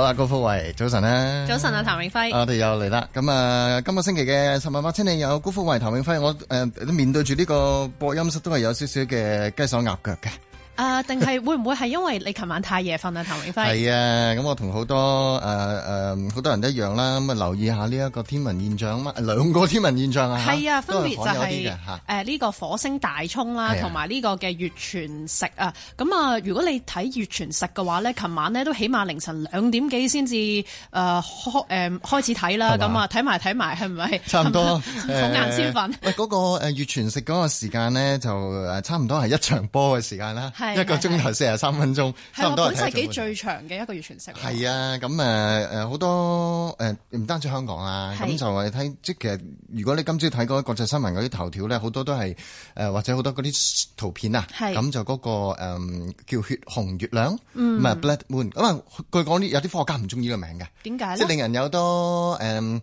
好啦，高福慧，早晨啊。早晨啊，譚永輝，我哋又嚟啦。咁啊、呃，今個星期嘅十萬八千里有高福慧譚永輝，我誒、呃、面對住呢個播音室都係有少少嘅雞手鴨腳嘅。誒，定係、呃、會唔會係因為你琴晚太夜瞓啊？譚永輝？係、呃、啊，咁我同好多誒誒好多人都一樣啦，咁、嗯、啊留意下呢一個天文現象啦，兩個天文現象啊，係啊，分別就係誒呢個火星大沖啦，同埋呢個嘅月全食啊。咁啊，啊，如果你睇月全食嘅話咧，琴晚咧都起碼凌晨兩點幾先至誒開誒開始睇啦。咁啊，睇埋睇埋係咪？是是差唔多。好眼先瞓、呃。喂、嗯、嗰、那個月全食嗰個時間咧，就誒差唔多係一場波嘅時間啦。一個鐘頭四十三分鐘，係我本世紀最長嘅一個月全食。係啊，咁誒誒好多誒，唔單止香港啊，咁就係睇即係其實，如果你今朝睇嗰啲國際新聞嗰啲頭條咧，好多都係誒或者好多嗰啲圖片啊，咁就嗰個誒叫血紅月亮，唔係 Blood Moon。咁啊，據講有啲科學家唔中意個名嘅，點解咧？即係令人有多誒，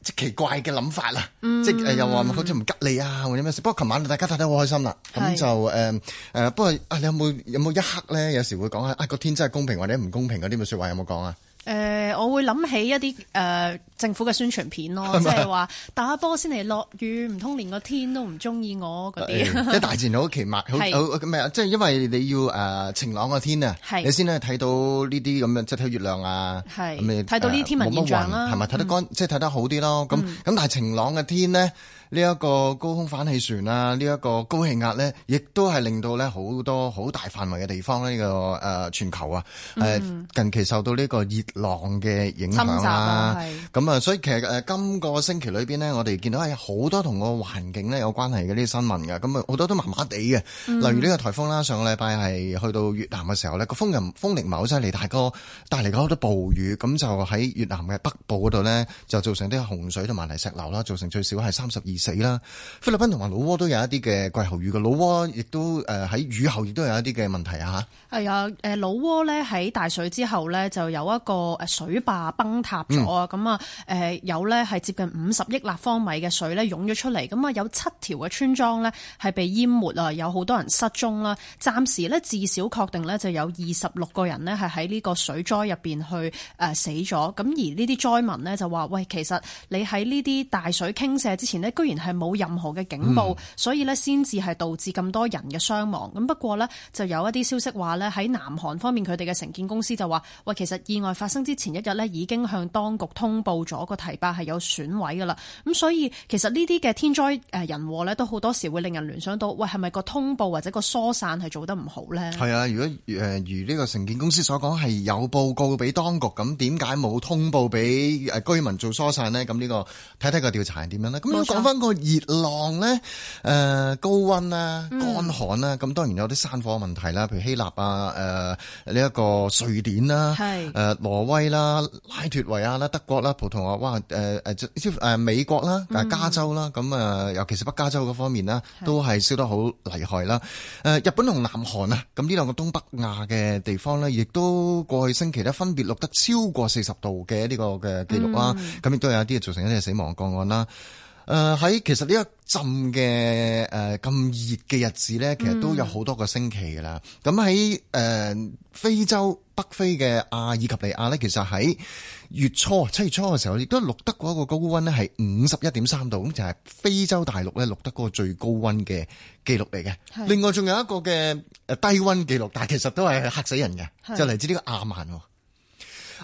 即奇怪嘅諗法啦，即誒又話好似唔吉利啊，或者咩事？不過琴晚大家睇得好開心啦，咁是就誒誒、呃，不過啊，你有冇有冇一刻咧？有時會講下啊，個天真係公平或者唔公平嗰啲嘅説話有冇講啊？誒、呃，我會諗起一啲誒、呃、政府嘅宣傳片咯，即係話打波先嚟落雨，唔通連個天都唔中意我嗰啲。即係大自然好奇妙，好咩啊？即係因為你要誒、呃、晴朗嘅天啊，是你先咧睇到呢啲咁樣即係睇月亮啊，睇是、嗯、到呢啲天文現象啦、啊，係咪睇得乾、嗯、即係睇得好啲咯？咁咁、嗯、但係晴朗嘅天咧。呢一個高空反氣旋啊，呢、這、一個高氣壓呢，亦都係令到呢好多好大範圍嘅地方呢、這個誒、呃、全球啊，誒、嗯、近期受到呢個熱浪嘅影響啦、啊。咁啊，所以其實誒今、呃這個星期裏邊呢，我哋見到係好多同個環境呢有關係嘅呢啲新聞㗎，咁啊好多都麻麻地嘅。例如呢個颱風啦，上個禮拜係去到越南嘅時候呢，個風力唔係好犀利，大個帶嚟好多暴雨，咁就喺越南嘅北部嗰度呢，就造成啲洪水同埋泥石流啦，造成最少係三十二。死啦！菲律賓同埋老撾都有一啲嘅季候雨嘅，老撾亦都誒喺、呃、雨後亦都有一啲嘅問題啊！係啊，誒老撾咧喺大水之後咧就有一個誒水壩崩塌咗啊！咁啊誒有咧係接近五十億立方米嘅水咧湧咗出嚟，咁啊有七條嘅村莊咧係被淹沒啊，有好多人失蹤啦。暫時咧至少確定咧就有二十六個人呢係喺呢個水災入邊去誒死咗。咁而呢啲災民呢，就話：喂，其實你喺呢啲大水傾瀉之前呢，居然～係冇任何嘅警報，所以呢先至係導致咁多人嘅傷亡。咁不過呢，就有一啲消息話呢，喺南韓方面，佢哋嘅承建公司就話：喂，其實意外發生之前一日呢，已經向當局通報咗個堤壩係有損毀噶啦。咁所以其實呢啲嘅天災誒人禍呢，都好多時會令人聯想到：喂，係咪個通報或者個疏散係做得唔好呢？係、呃、啊，如果誒如呢個承建公司所講係有報告俾當局，咁點解冇通報俾、呃、居民做疏散呢？咁呢個睇睇個調查係點樣呢？咁講翻。個熱浪咧，誒、呃、高溫啊，乾旱啊，咁、嗯、當然有啲山火問題啦，譬如希臘啊，誒呢一個瑞典啦，誒是、呃、挪威啦、拉脫維亞啦、德國啦、葡萄牙，哇、呃，誒、呃、誒，燒誒美國啦，誒加州啦，咁啊、嗯，尤其是北加州嗰方面啦，都係燒得好厲害啦。誒是，日本同南韓啊，咁呢兩個東北亞嘅地方咧，亦都過去星期咧，分別錄得超過四十度嘅呢個嘅記錄啦，咁亦、嗯、都有一啲造成一啲死亡個案啦。誒喺、呃、其實呢一浸嘅誒咁熱嘅日子咧，其實都有好多個星期噶啦。咁喺誒非洲北非嘅阿爾及利亞咧，其實喺月初七月初嘅時候，亦都錄得過一個高溫咧係五十一點三度，咁就係、是、非洲大陸咧錄得嗰個最高溫嘅記錄嚟嘅。是另外仲有一個嘅誒低溫記錄，但係其實都係嚇死人嘅，是就嚟自呢個亞曼。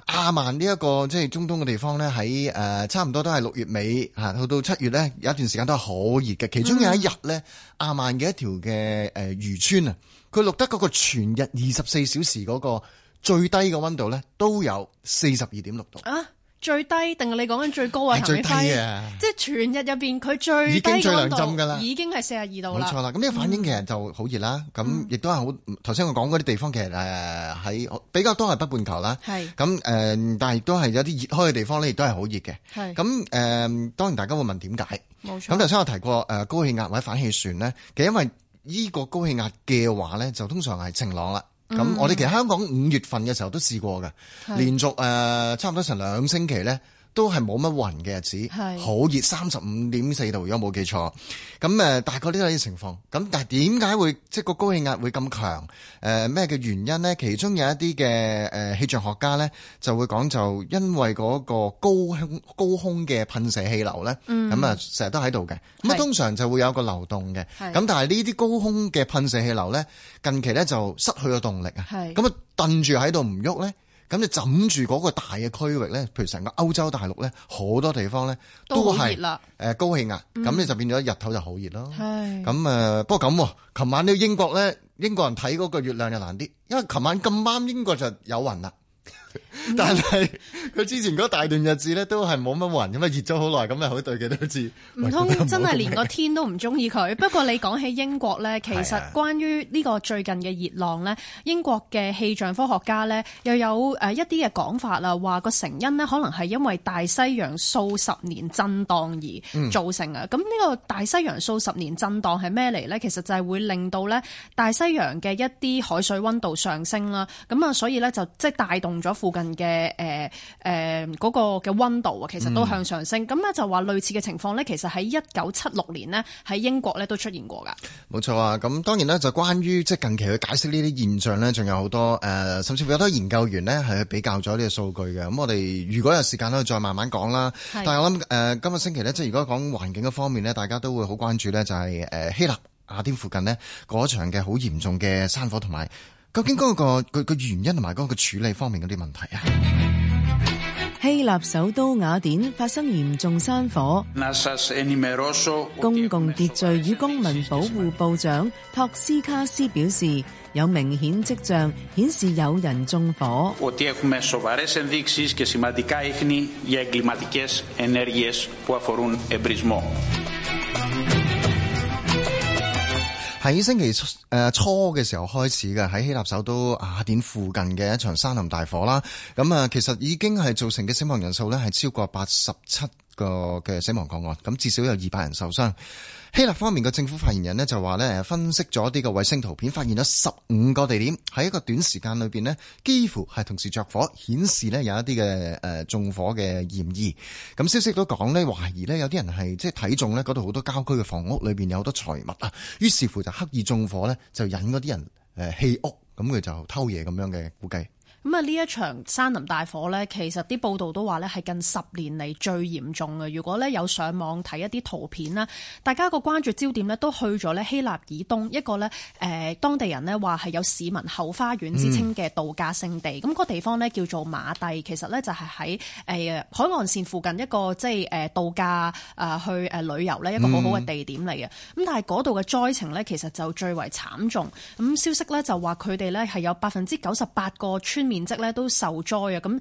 阿曼呢，這，一個即係中東嘅地方咧，喺誒、呃、差唔多都係六月尾吓，去到七月咧，有一段時間都係好熱嘅，其中有一日咧，阿、嗯、哼曼嘅一條嘅誒漁村啊，佢錄得嗰個全日二十四小時嗰個最低嘅溫度咧都有四十二點六度。啊最低定係你講緊最高啊？係最低嘅，即係全日入邊佢最低嗰度已經係四十二度啦。冇錯啦，咁呢個反應其實就好熱啦。咁亦都係好，頭先我講嗰啲地方其實誒喺比較多係北半球啦。係咁誒，但係亦都係有啲熱開嘅地方咧，亦都係好熱嘅。係咁誒，當然大家會問點解？冇錯。咁頭先我提過誒，高氣壓或者反氣旋咧，其實因為依個高氣壓嘅話咧，就通常係晴朗啦。咁我哋其實香港五月份嘅時候都試過嘅，是連續誒、呃、差唔多成兩星期咧。都係冇乜雲嘅日子，係好是熱，三十五點四度，如果冇記錯。咁誒，大概呢啲情況。咁但係點解會即係個高氣壓會咁強？誒咩嘅原因咧？其中有一啲嘅誒氣象學家咧就會講，就因為嗰個高高空嘅噴射氣流咧，咁啊成日都喺度嘅。咁啊是通常就會有個流動嘅。咁是但係呢啲高空嘅噴射氣流咧，近期咧就失去咗動力啊。係咁啊，頓住喺度唔喐咧。咁你枕住嗰個大嘅區域咧，譬如成個歐洲大陸咧，好多地方咧都係誒、呃、高氣壓、啊，咁你、嗯、就變咗日頭就好熱咯。咁誒是、呃，不過咁、啊，琴晚呢英國咧，英國人睇嗰個月亮就難啲，因為琴晚咁啱英國就有雲啦。 但係佢之前嗰大段日子咧，都係冇乜雲咁啊，熱咗好耐，咁咪好對幾多次？唔通真係連個天都唔中意佢？ 不過你講起英國咧，其實關於呢個最近嘅熱浪咧， 英國嘅氣象科學家咧又有誒一啲嘅講法啦，話個成因呢，可能係因為大西洋數十年震盪而造成啊。咁呢、嗯、個大西洋數十年震盪係咩嚟？呢？其實就係會令到咧大西洋嘅一啲海水溫度上升啦。咁啊，所以咧就即係帶動咗附近嘅誒誒嗰個嘅溫度啊，其實都向上升。咁咧、嗯、就話類似嘅情況咧，其實喺一九七六年呢，喺英國咧都出現過噶。冇錯啊。咁當然咧就關於即係近期去解釋呢啲現象咧，仲有好多誒、呃，甚至乎有好多研究員呢係比較咗呢個數據嘅。咁我哋如果有時間咧，再慢慢講啦。是 但係我諗誒、呃，今個星期呢，即係如果講環境嘅方面呢，大家都會好關注呢、就是，就係誒希臘雅典附近呢嗰場嘅好嚴重嘅山火同埋。究竟嗰個佢原因同埋嗰個處理方面嗰啲問題啊？希臘首都雅典發生嚴重山火。公共秩序與公民保護部長托斯卡斯表示，有明顯跡象顯示有人縱火。 喺星期初誒初嘅時候開始嘅，喺希臘首都雅典附近嘅一場山林大火啦，咁啊其實已經係造成嘅死亡人數咧，係超過八十七。個嘅死亡個案，咁至少有二百人受傷。希臘方面嘅政府發言人呢，就話呢，分析咗啲個衛星圖片，發現咗十五個地點喺一個短時間裏邊呢，幾乎係同時着火，顯示呢有一啲嘅誒縱火嘅嫌疑。咁消息都講呢，懷疑呢有啲人係即係睇中呢嗰度好多郊區嘅房屋裏邊有好多財物啊，於是乎就刻意縱火呢，就引嗰啲人誒棄屋，咁佢就偷嘢咁樣嘅估計。咁啊，呢一場山林大火咧，其實啲報道都話咧係近十年嚟最嚴重嘅。如果咧有上網睇一啲圖片啦，大家個關注焦點咧都去咗咧希臘以東一個咧誒、呃、當地人咧話係有市民後花園之稱嘅度假勝地。咁、嗯、個地方咧叫做馬蒂，其實咧就係喺誒海岸線附近一個即係誒、呃、度假誒、呃、去誒旅遊咧一個好好嘅地點嚟嘅。咁、嗯、但係嗰度嘅災情咧其實就最為慘重。咁消息咧就話佢哋咧係有百分之九十八個村。面積咧都受災啊，咁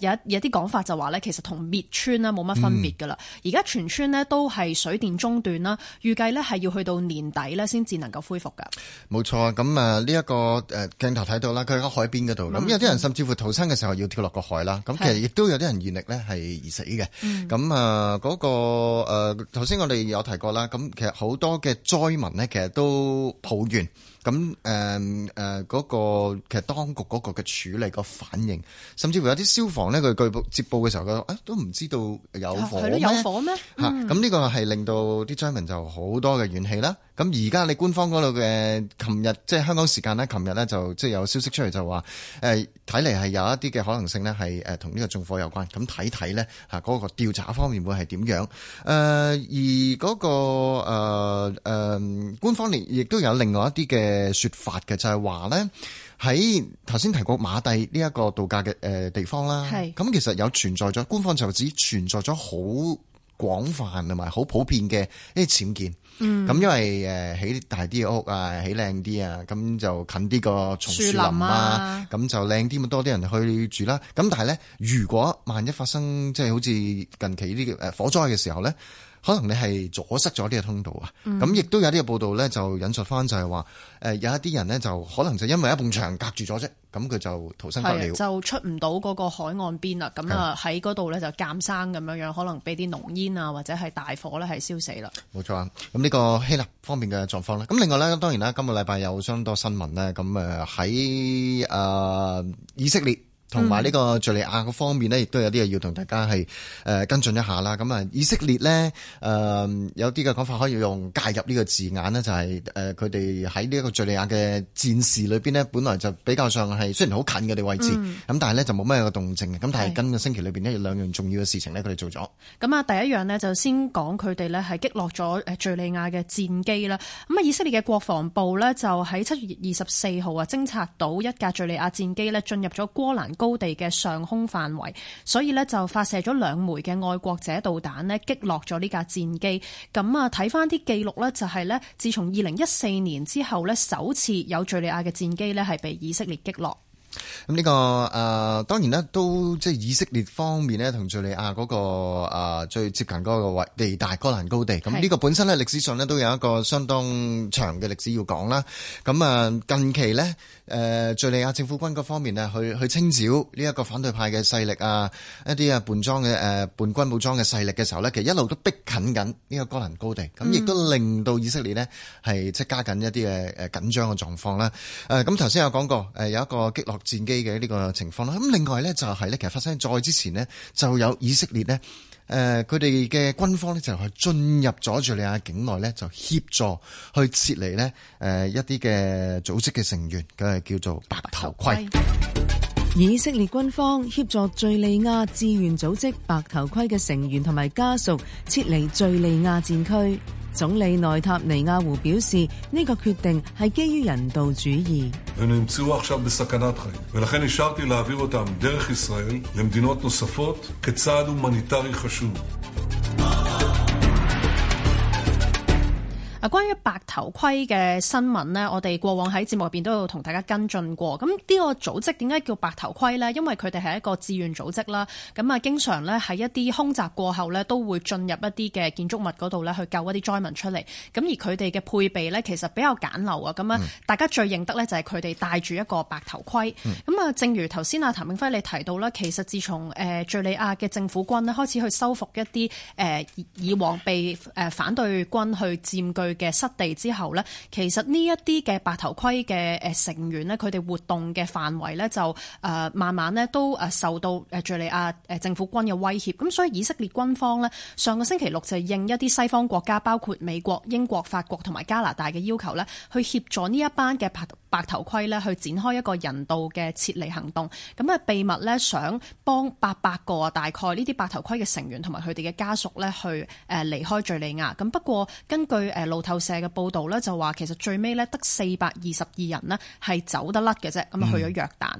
有有啲講法就話咧，其實同滅村啦冇乜分別噶啦。而家、嗯、全村咧都係水電中斷啦，預計咧係要去到年底咧先至能夠恢復噶。冇錯啊，咁啊呢一個誒鏡頭睇到啦，佢喺海邊嗰度，咁、嗯、有啲人甚至乎逃生嘅時候要跳落個海啦。咁、嗯、其實亦都有啲人餘力咧係而死嘅。咁啊嗰個誒，頭、呃、先我哋有提過啦，咁其實好多嘅災民呢，其實都抱怨。咁誒誒個其實當局個嘅處理個反應，甚至乎有啲消防咧，佢據報接報嘅時候，覺得誒都唔知道有火，啊，有火咩？吓、嗯嗯，咁呢個係令到啲災民就好多嘅怨氣啦。咁而家你官方嗰度嘅，琴日即係香港時間咧，琴日咧就即係有消息出嚟，就話誒睇嚟係有一啲嘅可能性咧，係誒同呢個縱火有關。咁睇睇咧吓，嗰個調查方面會係點樣誒、呃，而嗰、嗰個誒誒、呃呃、官方連亦都有另外一啲嘅說法嘅，就係話咧，喺頭先提過馬蒂呢一個度假嘅誒地方啦。係咁是其實有存在咗，官方就指存在咗好廣泛同埋好普遍嘅一啲僭建。嗯，咁因為誒起、呃、大啲嘅屋啊，起靚啲啊，咁就近啲個松樹林啊，咁、啊啊、就靚啲咪多啲人去住啦、啊。咁但係咧，如果萬一發生即係好似近期呢個誒火災嘅時候咧。可能你係阻塞咗呢個通道啊，咁亦都有啲報道咧就引述翻就係話，誒有一啲人呢，就可能就因為一埲牆隔住咗啫，咁佢就逃生不了，就出唔到嗰個海岸邊啦，咁啊喺嗰度咧就鑑生咁樣樣，可能俾啲濃煙啊或者係大火咧係燒死啦。冇錯啊，咁呢個希臘方面嘅狀況咧，咁另外咧當然啦，今個禮拜有相當多新聞呢，咁誒喺誒以色列。同埋呢個敍利亞個方面呢，亦都有啲嘢要同大家係誒、呃、跟進一下啦。咁啊，以色列呢，誒、呃、有啲嘅講法可以用介入呢個字眼呢，就係誒佢哋喺呢一個敍利亞嘅戰事裏邊呢，本來就比較上係雖然好近嘅哋位置，咁、嗯、但係呢，就冇咩嘅動靜。咁但係跟個星期裏邊呢，有是兩樣重要嘅事情呢，佢哋做咗。咁啊、嗯，第一樣呢，就先講佢哋呢，係擊落咗誒敘利亞嘅戰機啦。咁啊，以色列嘅國防部呢，就喺七月二十四號啊偵察到一架敘利亞戰機呢，進入咗戈蘭。高地嘅上空範圍，所以呢就發射咗兩枚嘅愛國者導彈呢擊落咗呢架戰機，咁啊睇翻啲記錄呢就係呢自從二零一四年之後呢首次有敘利亞嘅戰機呢係被以色列擊落。咁呢、這個誒、呃，當然咧都即係以色列方面呢，同敘利亞嗰、那個誒、呃、最接近嗰個位地大戈蘭高地。咁呢的個本身呢，歷史上呢，都有一個相當長嘅歷史要講啦。咁啊近期呢，誒、呃、敘利亞政府軍嗰方面呢，去去清剿呢一個反對派嘅勢力啊，一啲啊叛裝嘅誒叛軍武裝嘅勢力嘅時候呢，其實一路都逼近緊呢個戈蘭高地，咁亦、嗯、都令到以色列呢，係即加緊一啲嘅誒緊張嘅狀況啦。誒咁頭先有講過，誒、啊、有一個擊戰機嘅呢個情況啦，咁另外咧就係、是、咧，其實發生在之前呢，就有以色列呢，誒、呃，佢哋嘅軍方呢，就係進入咗敘利亞境內咧，就協助去撤離呢誒一啲嘅組織嘅成員，佢係叫做白頭盔。以色列軍方協助敘利亞志願組織白頭盔嘅成員同埋家屬撤離敘利亞戰區。總理內塔尼亞胡表示，呢個決定係基於人道主義。啊，關於白頭盔嘅新聞咧，我哋過往喺節目入邊都有同大家跟進過，咁呢個組織點解叫白頭盔咧？因為佢哋係一個志願組織啦。咁啊，經常咧喺一啲空襲過後咧，都會進入一啲嘅建築物度咧，去救一啲災民出嚟。咁而佢哋嘅配備咧，其實比較簡陋啊。咁啊，大家最認得咧就係佢哋戴住一個白頭盔。咁啊、嗯，正如頭先阿譚永輝你提到啦，其實自從誒、呃、敘利亞嘅政府軍咧開始去收復一啲誒、呃、以往被誒反對軍去佔據。嘅失地之後咧，其實呢一啲嘅白頭盔嘅誒成員咧，佢哋活動嘅範圍咧就誒、呃、慢慢咧都誒受到誒敘利亞誒政府軍嘅威脅，咁所以以色列軍方咧上個星期六就應一啲西方國家，包括美國英國法國同埋加拿大嘅要求咧，去協助呢一班嘅白白頭盔咧去展開一個人道嘅撤離行動，咁啊秘密咧想幫八百個啊大概呢啲白頭盔嘅成員同埋佢哋嘅家屬咧去誒離開敘利亞，咁不過根據誒老。路透社嘅報道咧就話，其實最尾咧得四百二十二人呢，係走得甩嘅啫，咁去咗約旦。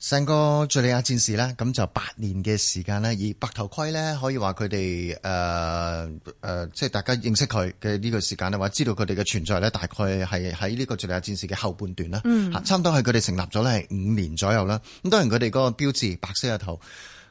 成個敘利亞戰事咧，咁就八年嘅時間咧，以白頭盔咧可以話佢哋誒誒，即係大家認識佢嘅呢個時間咧，或者知道佢哋嘅存在咧，大概係喺呢個敘利亞戰事嘅後半段啦，嗯、差唔多係佢哋成立咗咧係五年左右啦。咁當然佢哋嗰個標誌白色嘅頭。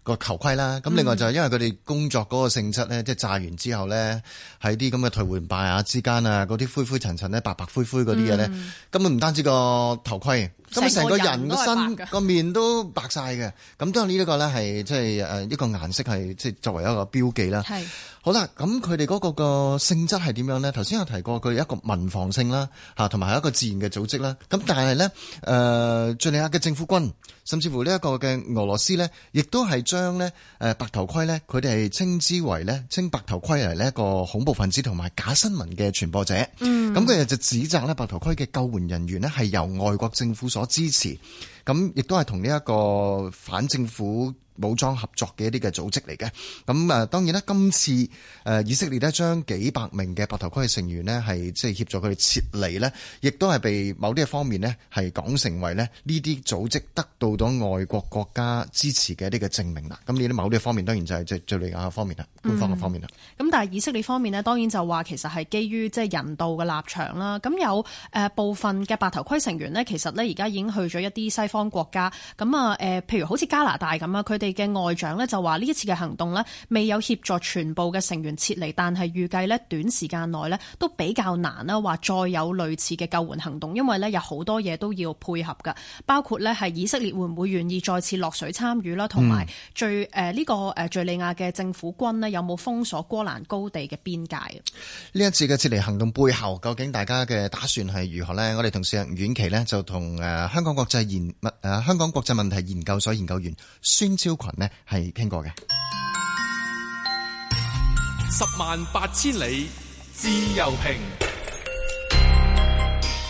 個頭盔啦，咁另外就係因為佢哋工作嗰個性質咧，嗯、即係炸完之後咧，喺啲咁嘅頹垣敗瓦之間啊，嗰啲灰灰塵塵咧，白白灰灰嗰啲嘢咧，嗯、根本唔單止個頭盔。咁成個人個身個面都白晒嘅，咁都係呢一個咧，係即係誒一個顏色係即係作為一個標記啦。係是好啦，咁佢哋嗰個個性質係點樣咧？頭先有提過佢一個民防性啦，嚇，同埋一個自然嘅組織啦。咁但係咧，誒、呃，敍利亞嘅政府軍，甚至乎呢一個嘅俄羅斯咧，亦都係將咧誒白頭盔咧，佢哋係稱之為咧，稱白頭盔係呢一個恐怖分子同埋假新聞嘅傳播者。咁佢哋就指責咧白頭盔嘅救援人員呢，係由外國政府所支持，咁亦都係同呢一個反政府武裝合作嘅一啲嘅組織嚟嘅，咁啊當然啦，今次誒以色列咧將幾百名嘅白頭盔成員咧係即係協助佢哋撤離咧，亦都係被某啲嘅方面咧係講成為咧呢啲組織得到咗外國國家支持嘅一啲嘅證明啦。咁呢啲某啲方面當然就係即係敘利亞方面啦，官方嘅方面啦。咁、嗯、但係以色列方面咧，當然就話其實係基於即係人道嘅立場啦。咁有誒部分嘅白頭盔成員咧，其實咧而家已經去咗一啲西方國家。咁啊誒譬如好似加拿大咁啊，佢哋。嘅外長呢就話呢一次嘅行動呢未有協助全部嘅成員撤離，但係預計呢短時間內呢都比較難啦，話再有類似嘅救援行動，因為呢有好多嘢都要配合噶，包括呢係以色列會唔會願意再次落水參與啦，同埋最誒呢個誒敘利亞嘅政府軍呢有冇封鎖戈蘭高地嘅邊界？呢、嗯、一次嘅撤離行動背後究竟大家嘅打算係如何呢，我哋同事袁其呢就同誒香港國際研誒香港國際問題研究所研究員孫超群咧係傾過嘅。十萬八千里自由評。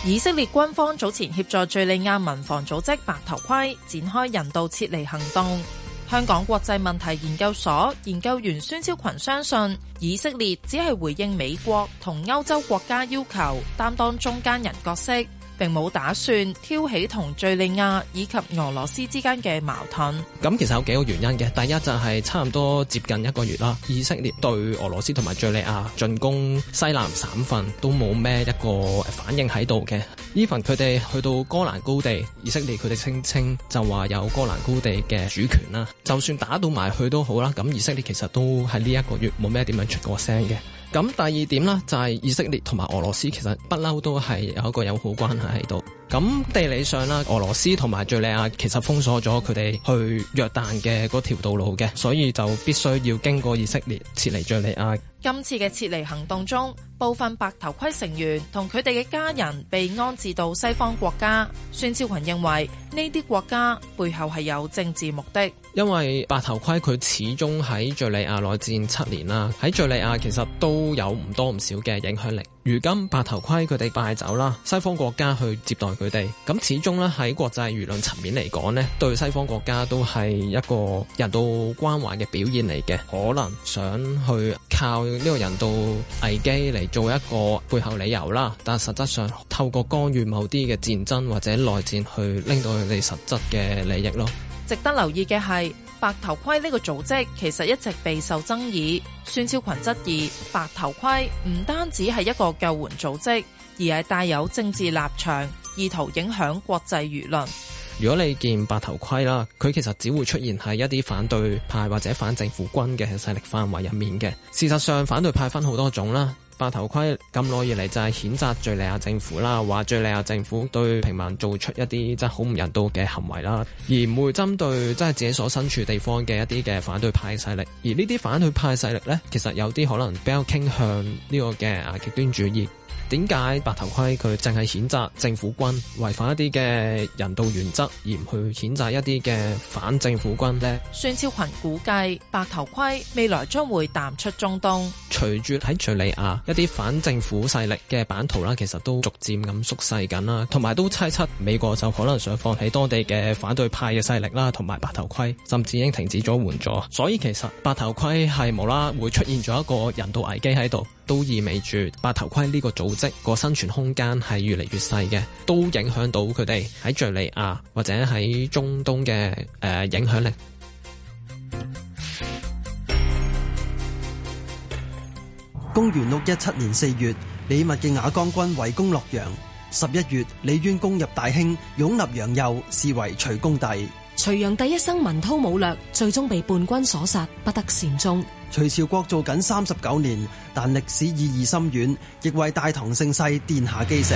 以色列軍方早前協助敍利亞民防組織白頭盔展開人道撤離行動。香港國際問題研究所研究員孫超群相信，以色列只係回應美國同歐洲國家要求，擔當中間人角色。並冇打算挑起同敘利亞以及俄羅斯之間嘅矛盾。咁其實有幾個原因嘅。第一就係差唔多接近一個月啦，以色列對俄羅斯同埋敘利亞進攻西南省份都冇咩一個反應喺度嘅。Even 佢哋去到戈蘭高地，以色列佢哋聲稱就話有戈蘭高地嘅主權啦。就算打到埋去都好啦，咁以色列其實都喺呢一個月冇咩點樣出過聲嘅。咁第二點咧，就係、是、以色列同埋俄羅斯其實不嬲都係有一個友好關係喺度。咁地理上啦，俄羅斯同埋敍利亞其實封鎖咗佢哋去約旦嘅嗰條道路嘅，所以就必須要經過以色列撤離敍利亞。今次嘅撤離行動中，部分白頭盔成員同佢哋嘅家人被安置到西方國家。孫超群認為呢啲國家背後係有政治目的。因為白頭盔佢始終喺敘利亞內戰七年啦，喺敘利亞其實都有唔多唔少嘅影響力。如今白頭盔佢哋敗走啦，西方國家去接待佢哋，咁始終咧喺國際輿論層面嚟講呢對西方國家都係一個人道關懷嘅表現嚟嘅。可能想去靠呢個人道危機嚟做一個背後理由啦，但係實質上透過干預某啲嘅戰爭或者內戰去拎到佢哋實質嘅利益咯。值得留意嘅係，白頭盔呢個組織其實一直備受爭議。孫超群質疑白頭盔唔單止係一個救援組織，而係帶有政治立場，意圖影響國際輿論。如果你見白頭盔啦，佢其實只會出現喺一啲反對派或者反政府軍嘅勢力範圍入面嘅。事實上，反對派分好多種啦。白頭盔咁耐以嚟就係譴責敍利亞政府啦，話敍利亞政府對平民做出一啲即係好唔人道嘅行為啦，而唔會針對即係自己所身處地方嘅一啲嘅反對派勢力，而呢啲反對派勢力呢，其實有啲可能比較傾向呢個嘅啊極端主義。點解白頭盔佢淨係譴責政府軍違反一啲嘅人道原則，而唔去譴責一啲嘅反政府軍呢？孫超群估計白頭盔未來將會淡出中東。隨住喺叙利亞一啲反政府勢力嘅版圖啦，其實都逐漸咁縮細緊啦，同埋都猜測美國就可能想放棄當地嘅反對派嘅勢力啦，同埋白頭盔甚至已經停止咗援助，所以其實白頭盔係無啦會出現咗一個人道危機喺度。都意味住白頭盔呢個組織個生存空間係越嚟越細嘅，都影響到佢哋喺敘利亞或者喺中東嘅誒、呃、影響力。公元六一七年四月，李密嘅瓦崗軍圍攻洛陽。十一月，李淵攻入大興，擁立楊侑，是為隋恭帝。隋煬帝一生文韜武略，最終被叛軍所殺，不得善終。隋朝國做緊三十九年，但歷史意義深遠，亦為大唐盛世奠下基石。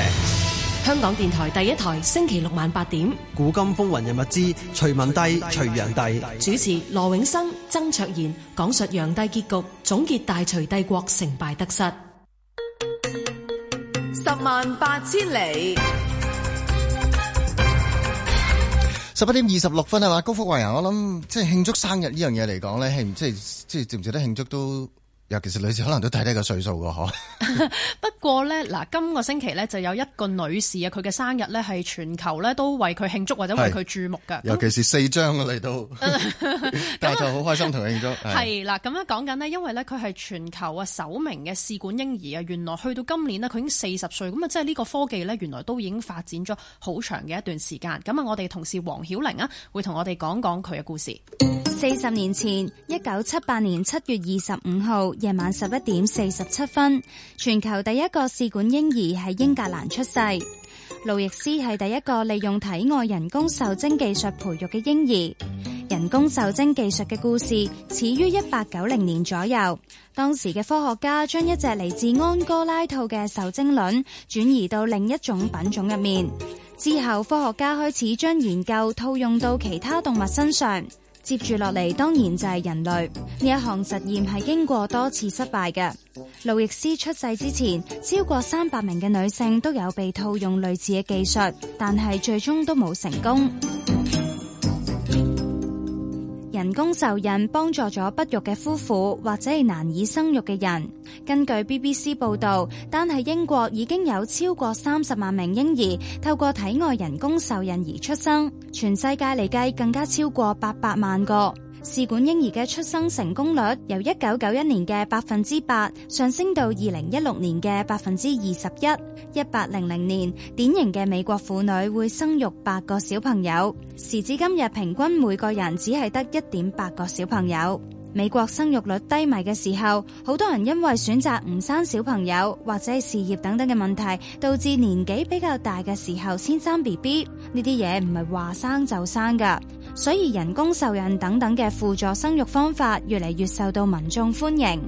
香港電台第一台，星期六晚八點，《古今風雲人物之隋文帝、隋煬帝》帝，帝帝帝主持羅永生、曾卓賢講述煬帝結局，總結大隋帝國成敗得失。十萬八千里。十一點二十六分係嘛？高福華人，我諗即係慶祝生日呢樣嘢嚟講咧，係唔即係即係值唔值得慶祝都？尤其是女士可能都睇得個歲數噶嗬。So. 不過咧，嗱今個星期咧就有一個女士啊，佢嘅生日咧係全球咧都為佢慶祝，或者為佢注目噶。 尤其是四張啊，嚟到，但係就好開心同佢慶祝。係、 嗯、係啦，咁樣講緊呢，因為咧佢係全球啊首名嘅試管嬰兒啊，原來去到今年呢，佢已經四十歲，咁啊即係呢個科技咧原來都已經發展咗好長嘅一段時間。咁啊，我哋同事黃曉玲啊會同我哋講講佢嘅故事。四十年前，一九七八年七月二十五號夜晚十一點四十七分，全球第一個試管嬰兒喺英格蘭出世。路易斯係第一個利用體外人工受精技術培育嘅嬰兒。人工受精技術嘅故事始於一八九零年左右。當時嘅科學家將一隻嚟自安哥拉兔嘅受精卵轉移到另一種品種入面之後，科學家開始將研究套用到其他動物身上。接住落嚟，當然就係人類。呢一項實驗係經過多次失敗嘅。路易斯出世之前，超過三百名嘅女性都有被套用類似嘅技術，但係最終都冇成功。人工受孕幫助咗不育嘅夫婦或者係難以生育嘅人。根據 BBC 報道，單係英國已經有超過三十萬名嬰兒透過體外人工受孕而出生，全世界嚟計更加超過八百萬個。試管嬰兒嘅出生成功率由一九九一年嘅百分之八上升到二零一六年嘅百分之二十一。一八零零年，典型嘅美國婦女會生育八個小朋友，時至今日，平均每個人只係得一點八個小朋友。美國生育率低迷嘅時候，好多人因為選擇唔生小朋友或者事業等等嘅問題，導致年紀比較大嘅時候先生 B B。呢啲嘢唔係話生就生噶。所以人工受孕等等嘅輔助生育方法越嚟越受到民眾歡迎。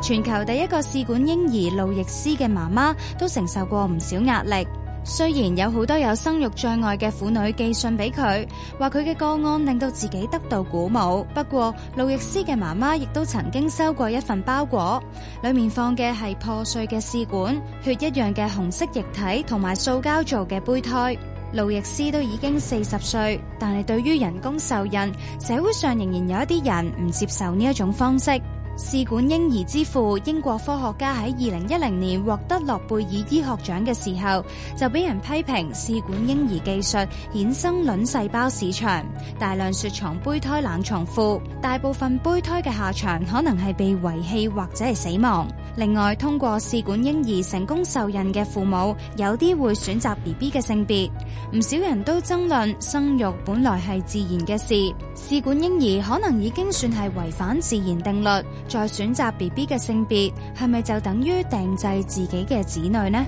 全球第一個試管嬰兒路易斯嘅媽媽都承受過唔少壓力。雖然有好多有生育障礙嘅婦女寄信俾佢，話佢嘅個案令到自己得到鼓舞。不過路易斯嘅媽媽亦都曾經收過一份包裹，裏面放嘅係破碎嘅試管、血一樣嘅紅色液體同埋塑膠做嘅胚胎。路易斯都已經四十歲，但係對於人工受孕，社會上仍然有一啲人唔接受呢一種方式。試管嬰兒之父英國科學家喺二零一零年獲得諾貝爾醫學獎嘅時候，就俾人批評試管嬰兒技術衍生卵細胞市場，大量雪藏胚胎冷藏庫，大部分胚胎嘅下場可能係被遺棄或者係死亡。另外，通過試管嬰兒成功受孕嘅父母，有啲會選擇 BB 嘅性別。唔少人都爭論，生育本來係自然嘅事，試管嬰兒可能已經算係違反自然定律，再選擇 BB 嘅性別，係咪就等於定製自己嘅子女呢？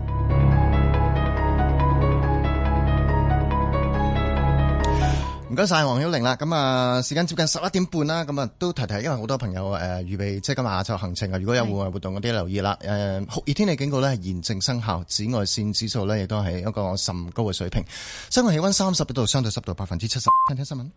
唔該晒黃曉玲啦，咁啊時間接近十一點半啦，咁啊都提提，因為好多朋友誒預、呃、備即係今日下晝行程啊，如果有戶外、嗯、活動嗰啲留意啦。誒酷熱天氣警告咧係現正生效，紫外線指數咧亦都係一個甚高嘅水平，室外氣溫三十度，相對濕度百分之七十，聽聽新聞。